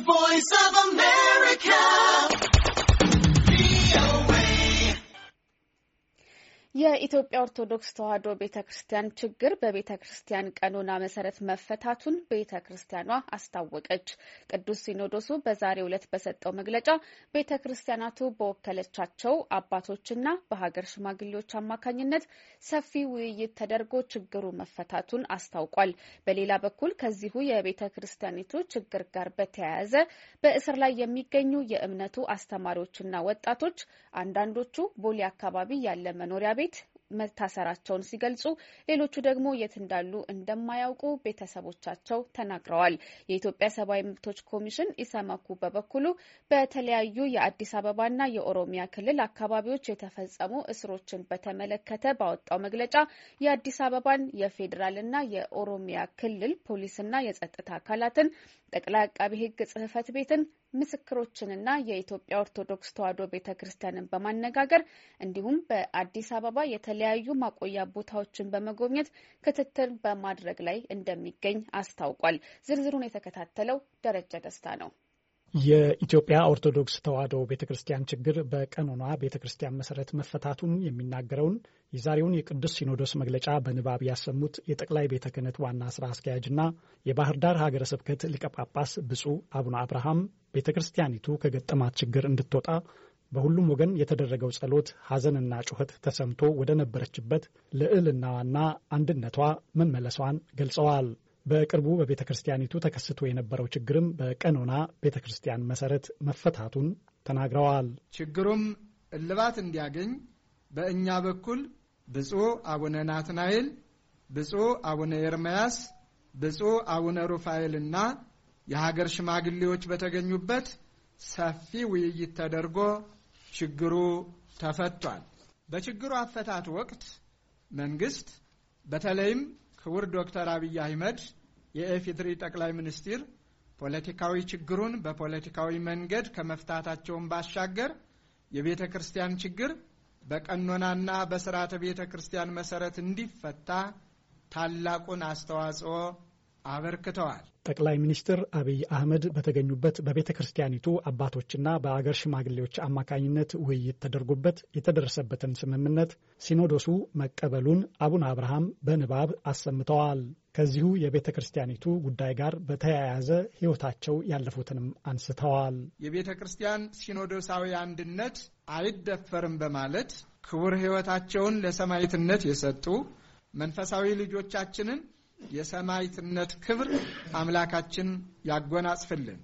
voice of America. የኢትዮጵያ ኦርቶዶክስ ተዋሕዶ ቤተ ክርስቲያን ችግር በቤተ ክርስቲያን ቀኖና መሰረት መፈታቱን ቤተ ክርስቲያኗ አስታወቀች። ቅዱስ ሲኖዶሱ በዛሬ ዕለት በሰጠው መግለጫ ቤተ ክርስቲያናቱ በወከለቻቸው አባቶችና በሀገር ሽማግሌዎች አማካኝነት ሰፊ ውይይት ተደርጎ ችግሩ መፈታቱን አስታውቋል። በሌላ በኩል ከዚሁ የቤተ ክርስቲያኒቱ ችግር ጋር በተያያዘ በእስር ላይ የሚገኙ የእምነቱ አስተማሪዎችና ወጣቶች አንዳንዶቹ ቦሌ አካባቢ ያለ መኖሪያ ቤት መታሰራቸውን ሲገልጹ ሌሎቹ ደግሞ የት እንዳሉ እንደማያውቁ ቤተሰቦቻቸው ተናግረዋል። የኢትዮጵያ ሰብአዊ መብቶች ኮሚሽን ኢሰመኩ በበኩሉ በተለያዩ የአዲስ አበባና የኦሮሚያ ክልል አካባቢዎች የተፈጸሙ እስሮችን በተመለከተ ባወጣው መግለጫ የአዲስ አበባን የፌዴራልና የኦሮሚያ ክልል ፖሊስና የጸጥታ አካላትን ጠቅላይ አቃቢ ሕግ ጽህፈት ቤትን ምስክሮችንና የኢትዮጵያ ኦርቶዶክስ ተዋሕዶ ቤተ ክርስቲያንን በማነጋገር እንዲሁም በአዲስ አበባ የተለያዩ ማቆያ ቦታዎችን በመጎብኘት ክትትል በማድረግ ላይ እንደሚገኝ አስታውቋል። ዝርዝሩን የተከታተለው ደረጀ ደስታ ነው። የኢትዮጵያ ኦርቶዶክስ ተዋሕዶ ቤተ ክርስቲያን ችግር በቀኖኗ ቤተ ክርስቲያን መሰረት መፈታቱን የሚናገረውን የዛሬውን የቅዱስ ሲኖዶስ መግለጫ በንባብ ያሰሙት የጠቅላይ ቤተ ክህነት ዋና ስራ አስኪያጅና የባህር ዳር ሀገረ ስብከት ሊቀ ጳጳስ ብፁዕ አቡነ አብርሃም ቤተ ክርስቲያኒቱ ከገጠማት ችግር እንድትወጣ በሁሉም ወገን የተደረገው ጸሎት፣ ሐዘንና ጩኸት ተሰምቶ ወደ ነበረችበት ልዕልናዋና አንድነቷ መመለሷን ገልጸዋል። በቅርቡ በቤተ ክርስቲያኒቱ ተከስቶ የነበረው ችግርም በቀኖና ቤተ ክርስቲያን መሰረት መፈታቱን ተናግረዋል። ችግሩም እልባት እንዲያገኝ በእኛ በኩል ብፁዕ አቡነ ናትናኤል፣ ብፁዕ አቡነ ኤርምያስ፣ ብፁዕ አቡነ ሩፋኤልና የሀገር ሽማግሌዎች በተገኙበት ሰፊ ውይይት ተደርጎ ችግሩ ተፈቷል። በችግሩ አፈታት ወቅት መንግስት በተለይም ክቡር ዶክተር አብይ አህመድ የኢፌዴሪ ጠቅላይ ሚኒስትር ፖለቲካዊ ችግሩን በፖለቲካዊ መንገድ ከመፍታታቸውን ባሻገር የቤተ ክርስቲያን ችግር በቀኖናና በስርዓተ ቤተ ክርስቲያን መሰረት እንዲፈታ ታላቁን አስተዋጽኦ አበርክተዋል። ጠቅላይ ሚኒስትር አብይ አህመድ በተገኙበት በቤተ ክርስቲያኒቱ አባቶችና በአገር ሽማግሌዎች አማካኝነት ውይይት ተደርጎበት የተደረሰበትን ስምምነት ሲኖዶሱ መቀበሉን አቡነ አብርሃም በንባብ አሰምተዋል። ከዚሁ የቤተ ክርስቲያኒቱ ጉዳይ ጋር በተያያዘ ሕይወታቸው ያለፉትንም አንስተዋል። የቤተ ክርስቲያን ሲኖዶሳዊ አንድነት አይደፈርም በማለት ክቡር ሕይወታቸውን ለሰማዕትነት የሰጡ መንፈሳዊ ልጆቻችንን የሰማይትነት ክብር አምላካችን ያጎናጽፍልን።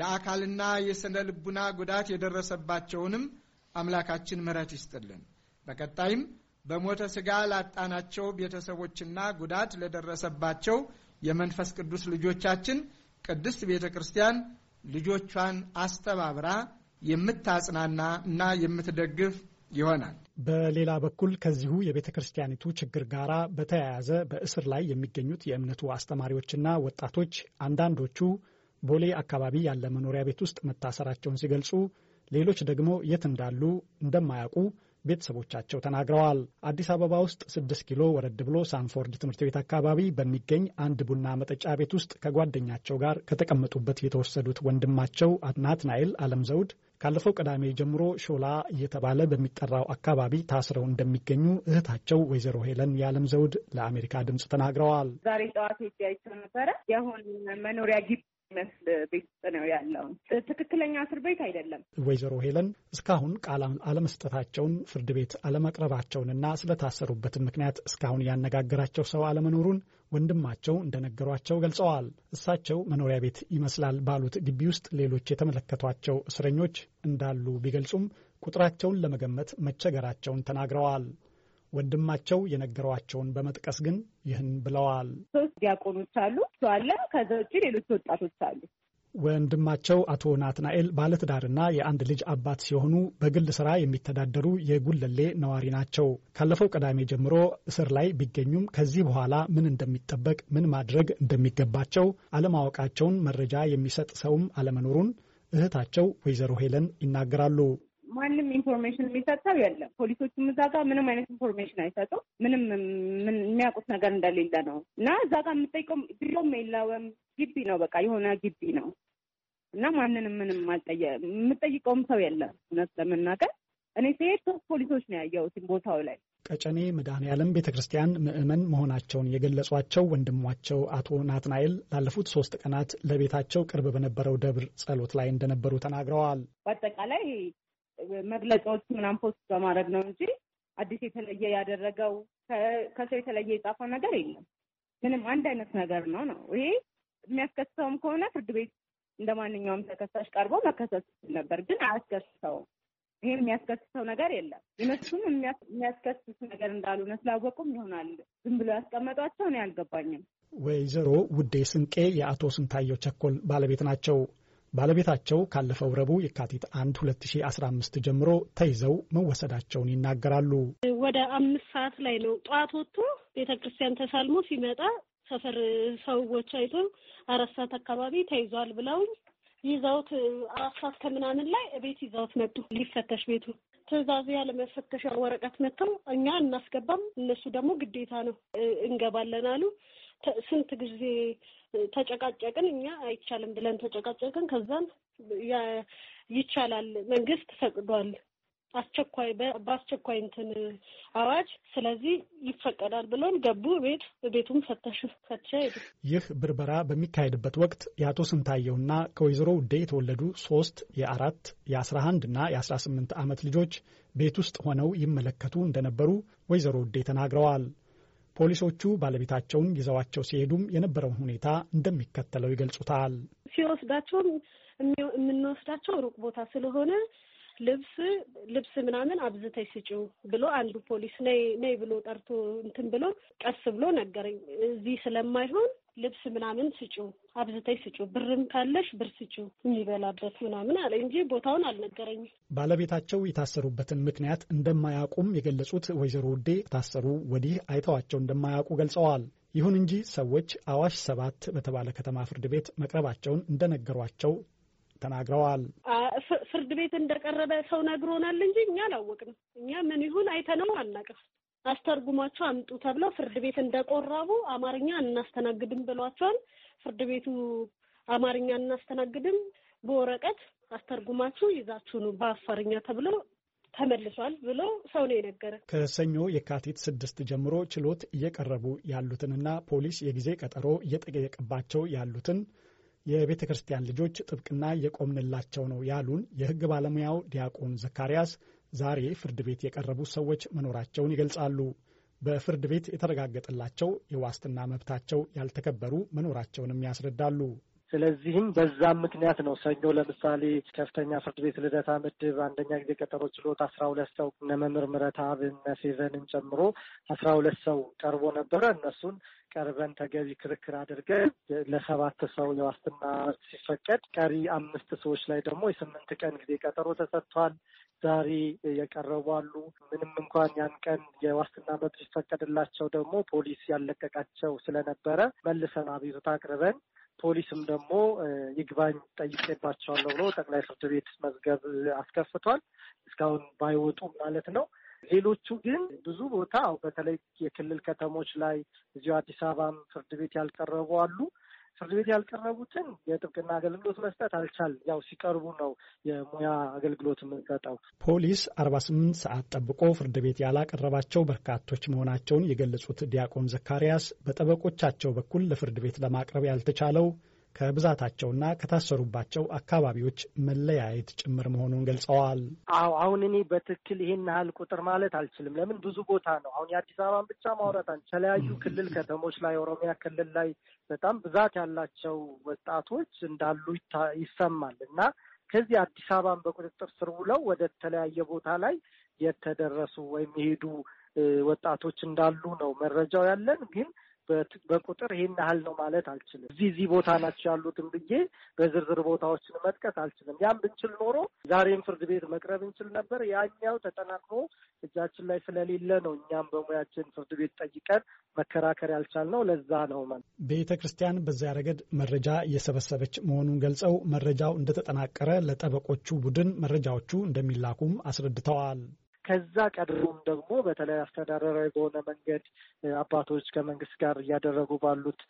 የአካልና የስነ ልቡና ጉዳት የደረሰባቸውንም አምላካችን ምሕረት ይስጥልን። በቀጣይም በሞተ ሥጋ ላጣናቸው ቤተሰቦችና ጉዳት ለደረሰባቸው የመንፈስ ቅዱስ ልጆቻችን ቅድስት ቤተ ክርስቲያን ልጆቿን አስተባብራ የምታጽናና እና የምትደግፍ ይሆናል። በሌላ በኩል ከዚሁ የቤተ ክርስቲያኒቱ ችግር ጋር በተያያዘ በእስር ላይ የሚገኙት የእምነቱ አስተማሪዎችና ወጣቶች አንዳንዶቹ ቦሌ አካባቢ ያለ መኖሪያ ቤት ውስጥ መታሰራቸውን ሲገልጹ፣ ሌሎች ደግሞ የት እንዳሉ እንደማያውቁ ቤተሰቦቻቸው ተናግረዋል። አዲስ አበባ ውስጥ ስድስት ኪሎ ወረድ ብሎ ሳንፎርድ ትምህርት ቤት አካባቢ በሚገኝ አንድ ቡና መጠጫ ቤት ውስጥ ከጓደኛቸው ጋር ከተቀመጡበት የተወሰዱት ወንድማቸው ናትናኤል አለም ዘውድ ካለፈው ቅዳሜ ጀምሮ ሾላ እየተባለ በሚጠራው አካባቢ ታስረው እንደሚገኙ እህታቸው ወይዘሮ ሄለን የዓለም ዘውድ ለአሜሪካ ድምፅ ተናግረዋል። ዛሬ ጠዋት ሄጃቸው ነበረ። የአሁን መኖሪያ ግቢ የሚመስል ቤት ነው ያለው። ትክክለኛ እስር ቤት አይደለም። ወይዘሮ ሄለን እስካሁን ቃላን አለመስጠታቸውን፣ ፍርድ ቤት አለመቅረባቸውንና ስለታሰሩበትን ምክንያት እስካሁን ያነጋገራቸው ሰው አለመኖሩን ወንድማቸው እንደነገሯቸው ገልጸዋል። እሳቸው መኖሪያ ቤት ይመስላል ባሉት ግቢ ውስጥ ሌሎች የተመለከቷቸው እስረኞች እንዳሉ ቢገልጹም ቁጥራቸውን ለመገመት መቸገራቸውን ተናግረዋል። ወንድማቸው የነገሯቸውን በመጥቀስ ግን ይህን ብለዋል። ሶስት ዲያቆኖች አሉ አለ። ከዛ ውጭ ሌሎች ወጣቶች አሉ። ወንድማቸው አቶ ናትናኤል ባለትዳርና የአንድ ልጅ አባት ሲሆኑ በግል ስራ የሚተዳደሩ የጉለሌ ነዋሪ ናቸው። ካለፈው ቅዳሜ ጀምሮ እስር ላይ ቢገኙም ከዚህ በኋላ ምን እንደሚጠበቅ፣ ምን ማድረግ እንደሚገባቸው አለማወቃቸውን መረጃ የሚሰጥ ሰውም አለመኖሩን እህታቸው ወይዘሮ ሄለን ይናገራሉ። ማንም ኢንፎርሜሽን የሚሰጠው የለም። ፖሊሶቹም እዛ ጋር ምንም አይነት ኢንፎርሜሽን አይሰጡም። ምንም የሚያውቁት ነገር እንደሌለ ነው እና እዛ ጋር የምጠይቀው ቢሮም የለውም። ግቢ ነው በቃ የሆነ ግቢ ነው እና ማንንም ምንም አልጠየ የምጠይቀውም ሰው የለም። እውነት ለመናገር እኔ ስሄድ ሶስት ፖሊሶች ነው ያየሁትም ቦታው ላይ ቀጨኔ መድኃኔ ዓለም ቤተ ክርስቲያን ምዕመን መሆናቸውን የገለጿቸው ወንድሟቸው አቶ ናትናኤል ላለፉት ሶስት ቀናት ለቤታቸው ቅርብ በነበረው ደብር ጸሎት ላይ እንደነበሩ ተናግረዋል። በአጠቃላይ መግለጫዎች ምናምን ፖስት በማድረግ ነው እንጂ አዲስ የተለየ ያደረገው ከሰው የተለየ የጻፈው ነገር የለም። ምንም አንድ አይነት ነገር ነው ነው ይሄ የሚያስከስሰውም ከሆነ ፍርድ ቤት እንደ ማንኛውም ተከሳሽ ቀርቦ መከሰስ ነበር፣ ግን አያስከስሰውም። ይሄ የሚያስከስሰው ነገር የለም። እነሱም የሚያስከስስ ነገር እንዳልሆነ ስላወቁም ይሆናል ዝም ብሎ ያስቀመጧቸው ነው። አልገባኝም። ወይዘሮ ውዴ ስንቄ የአቶ ስንታየው ቸኮል ባለቤት ናቸው። ባለቤታቸው ካለፈው ረቡዕ የካቲት አንድ አምስት ጀምሮ ተይዘው መወሰዳቸውን ይናገራሉ። ወደ አምስት ሰዓት ላይ ነው ጠዋት ወጥቶ ቤተ ክርስቲያን ተሳልሞ ሲመጣ ሰፈር ሰዎች አይቶ አራት ሰዓት አካባቢ ተይዟል ብለው ይዘውት አራት ሰዓት ከምናምን ላይ ቤት ይዘውት መጡ። ሊፈተሽ ቤቱ ትዕዛዝ ያለ መፈተሻ ወረቀት መጥተው እኛ እናስገባም እነሱ ደግሞ ግዴታ ነው እንገባለን አሉ። ስንት ጊዜ ተጨቃጨቅን። እኛ አይቻልም ብለን ተጨቃጨቅን። ከዛም ይቻላል መንግስት ፈቅዷል አስቸኳይ በአስቸኳይ እንትን አዋጅ ስለዚህ ይፈቀዳል ብሎን ገቡ። ቤት ቤቱም ፈተሽ ፈትሸ ሄዱ። ይህ ብርበራ በሚካሄድበት ወቅት የአቶ ስንታየውና ከወይዘሮ ውዴ የተወለዱ ሶስት የአራት የአስራ አንድ እና የአስራ ስምንት ዓመት ልጆች ቤት ውስጥ ሆነው ይመለከቱ እንደነበሩ ወይዘሮ ውዴ ተናግረዋል። ፖሊሶቹ ባለቤታቸውን ይዘዋቸው ሲሄዱም የነበረውን ሁኔታ እንደሚከተለው ይገልጹታል። ሲወስዳቸውም የምንወስዳቸው ሩቅ ቦታ ስለሆነ ልብስ ልብስ ምናምን አብዝተሽ ስጪው ብሎ አንዱ ፖሊስ ነይ ነይ ብሎ ጠርቶ እንትን ብሎ ቀስ ብሎ ነገረኝ። እዚህ ስለማይሆን ልብስ ምናምን ስጩ አብዝተሽ ስጩ ብርም ካለሽ ብር ስጩ የሚበላበት ምናምን አለ እንጂ ቦታውን አልነገረኝም። ባለቤታቸው የታሰሩበትን ምክንያት እንደማያውቁም የገለጹት ወይዘሮ ውዴ ታሰሩ ወዲህ አይተዋቸው እንደማያውቁ ገልጸዋል። ይሁን እንጂ ሰዎች አዋሽ ሰባት በተባለ ከተማ ፍርድ ቤት መቅረባቸውን እንደነገሯቸው ተናግረዋል። ፍርድ ቤት እንደቀረበ ሰው ነግሮናል እንጂ እኛ አላወቅንም። እኛ ምን ይሁን አይተነው አናውቅም። አስተርጉማቸው አምጡ ተብለው ፍርድ ቤት እንደቆረቡ አማርኛ እናስተናግድም ብሏቸዋል። ፍርድ ቤቱ አማርኛ እናስተናግድም፣ በወረቀት አስተርጉማችሁ ይዛችሁ ነው በአፋርኛ ተብሎ ተመልሷል ብሎ ሰው ነው የነገረ። ከሰኞ የካቲት ስድስት ጀምሮ ችሎት እየቀረቡ ያሉትንና ፖሊስ የጊዜ ቀጠሮ እየጠየቀባቸው ያሉትን የቤተ ክርስቲያን ልጆች ጥብቅና የቆምንላቸው ነው ያሉን የህግ ባለሙያው ዲያቆን ዘካርያስ ዛሬ ፍርድ ቤት የቀረቡ ሰዎች መኖራቸውን ይገልጻሉ። በፍርድ ቤት የተረጋገጠላቸው የዋስትና መብታቸው ያልተከበሩ መኖራቸውንም ያስረዳሉ። ስለዚህም በዛም ምክንያት ነው ሰኞ ለምሳሌ ከፍተኛ ፍርድ ቤት ልደታ ምድብ አንደኛ ጊዜ ቀጠሮ ችሎት አስራ ሁለት ሰው እነ መምህር አብን እነ ጨምሮ አስራ ሁለት ሰው ቀርቦ ነበረ። እነሱን ቀርበን ተገቢ ክርክር አድርገን ለሰባት ሰው የዋስትና ሲፈቀድ፣ ቀሪ አምስት ሰዎች ላይ ደግሞ የስምንት ቀን ጊዜ ቀጠሮ ተሰጥቷል። ዛሬ የቀረቡ አሉ። ምንም እንኳን ያን ቀን የዋስትና መብት ሲፈቀድላቸው ደግሞ ፖሊስ ያለቀቃቸው ስለነበረ መልሰን አቤቱታ አቅርበን ፖሊስም ደግሞ ይግባኝ ጠይቄባቸዋለሁ ብሎ ጠቅላይ ፍርድ ቤት መዝገብ አስከፍቷል። እስካሁን ባይወጡም ማለት ነው። ሌሎቹ ግን ብዙ ቦታ በተለይ የክልል ከተሞች ላይ እዚሁ አዲስ አበባም ፍርድ ቤት ያልቀረቡ አሉ። ፍርድ ቤት ያልቀረቡትን የጥብቅና አገልግሎት መስጠት አልቻል ያው ሲቀርቡ ነው የሙያ አገልግሎት የምንሰጠው። ፖሊስ አርባ ስምንት ሰዓት ጠብቆ ፍርድ ቤት ያላቀረባቸው በርካቶች መሆናቸውን የገለጹት ዲያቆን ዘካርያስ በጠበቆቻቸው በኩል ለፍርድ ቤት ለማቅረብ ያልተቻለው ከብዛታቸውና ከታሰሩባቸው አካባቢዎች መለያየት ጭምር መሆኑን ገልጸዋል። አዎ አሁን እኔ በትክክል ይሄን ያህል ቁጥር ማለት አልችልም። ለምን ብዙ ቦታ ነው። አሁን የአዲስ አበባን ብቻ ማውራት አን የተለያዩ ክልል ከተሞች ላይ ኦሮሚያ ክልል ላይ በጣም ብዛት ያላቸው ወጣቶች እንዳሉ ይሰማል እና ከዚህ አዲስ አበባን በቁጥጥር ስር ውለው ወደ ተለያየ ቦታ ላይ የተደረሱ ወይም የሄዱ ወጣቶች እንዳሉ ነው መረጃው ያለን ግን በቁጥር ይህን ያህል ነው ማለት አልችልም። እዚህ እዚህ ቦታ ናቸው ያሉትም ብዬ በዝርዝር ቦታዎችን መጥቀስ አልችልም። ያም ብንችል ኖሮ ዛሬም ፍርድ ቤት መቅረብ እንችል ነበር። ያኛው ተጠናክሮ እጃችን ላይ ስለሌለ ነው እኛም በሙያችን ፍርድ ቤት ጠይቀን መከራከር ያልቻልነው ለዛ ነው ማለት። ቤተ ክርስቲያን በዚያ ረገድ መረጃ እየሰበሰበች መሆኑን ገልጸው መረጃው እንደተጠናቀረ ለጠበቆቹ ቡድን መረጃዎቹ እንደሚላኩም አስረድተዋል። ከዛ ቀድሞም ደግሞ በተለይ አስተዳደራዊ በሆነ መንገድ አባቶች ከመንግስት ጋር እያደረጉ ባሉት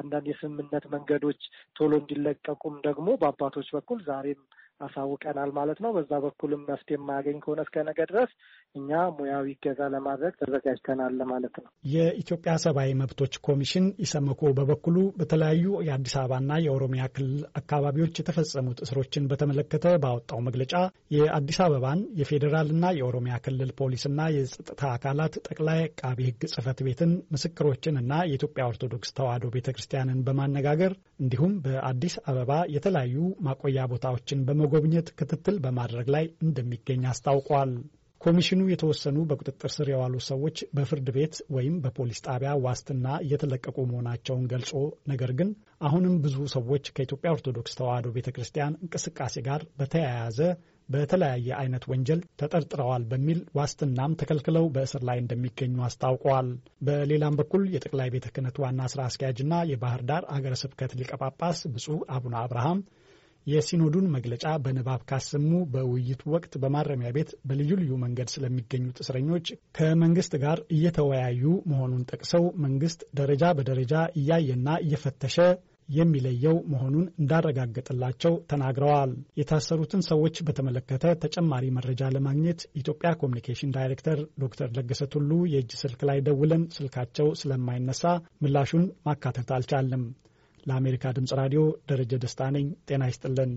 አንዳንድ የስምምነት መንገዶች ቶሎ እንዲለቀቁም ደግሞ በአባቶች በኩል ዛሬም አሳውቀናል ማለት ነው። በዛ በኩልም መፍትሄ የማያገኝ ከሆነ እስከ ነገ ድረስ እኛ ሙያዊ እገዛ ለማድረግ ተዘጋጅተናል ማለት ነው። የኢትዮጵያ ሰብአዊ መብቶች ኮሚሽን ኢሰመኮ በበኩሉ በተለያዩ የአዲስ አበባና የኦሮሚያ ክልል አካባቢዎች የተፈጸሙት እስሮችን በተመለከተ ባወጣው መግለጫ የአዲስ አበባን የፌዴራልና የኦሮሚያ ክልል ፖሊስና የጸጥታ አካላት ጠቅላይ አቃቢ ሕግ ጽህፈት ቤትን ምስክሮችንና የኢትዮጵያ ኦርቶዶክስ ተዋሕዶ ቤተ ክርስቲያንን በማነጋገር እንዲሁም በአዲስ አበባ የተለያዩ ማቆያ ቦታዎችን በመ በመጎብኘት ክትትል በማድረግ ላይ እንደሚገኝ አስታውቋል። ኮሚሽኑ የተወሰኑ በቁጥጥር ስር የዋሉ ሰዎች በፍርድ ቤት ወይም በፖሊስ ጣቢያ ዋስትና እየተለቀቁ መሆናቸውን ገልጾ ነገር ግን አሁንም ብዙ ሰዎች ከኢትዮጵያ ኦርቶዶክስ ተዋሕዶ ቤተ ክርስቲያን እንቅስቃሴ ጋር በተያያዘ በተለያየ አይነት ወንጀል ተጠርጥረዋል በሚል ዋስትናም ተከልክለው በእስር ላይ እንደሚገኙ አስታውቀዋል። በሌላም በኩል የጠቅላይ ቤተ ክህነት ዋና ስራ አስኪያጅና የባህር ዳር አገረ ስብከት ሊቀ ጳጳስ ብፁዕ አቡነ አብርሃም የሲኖዱን መግለጫ በንባብ ካሰሙ በውይይቱ ወቅት በማረሚያ ቤት በልዩ ልዩ መንገድ ስለሚገኙት እስረኞች ከመንግስት ጋር እየተወያዩ መሆኑን ጠቅሰው መንግስት ደረጃ በደረጃ እያየና እየፈተሸ የሚለየው መሆኑን እንዳረጋገጠላቸው ተናግረዋል። የታሰሩትን ሰዎች በተመለከተ ተጨማሪ መረጃ ለማግኘት ኢትዮጵያ ኮሚኒኬሽን ዳይሬክተር ዶክተር ለገሰ ቱሉ የእጅ ስልክ ላይ ደውለን ስልካቸው ስለማይነሳ ምላሹን ማካተት አልቻለም። ለአሜሪካ ድምጽ ራዲዮ ደረጀ ደስታ ነኝ። ጤና ይስጥልን።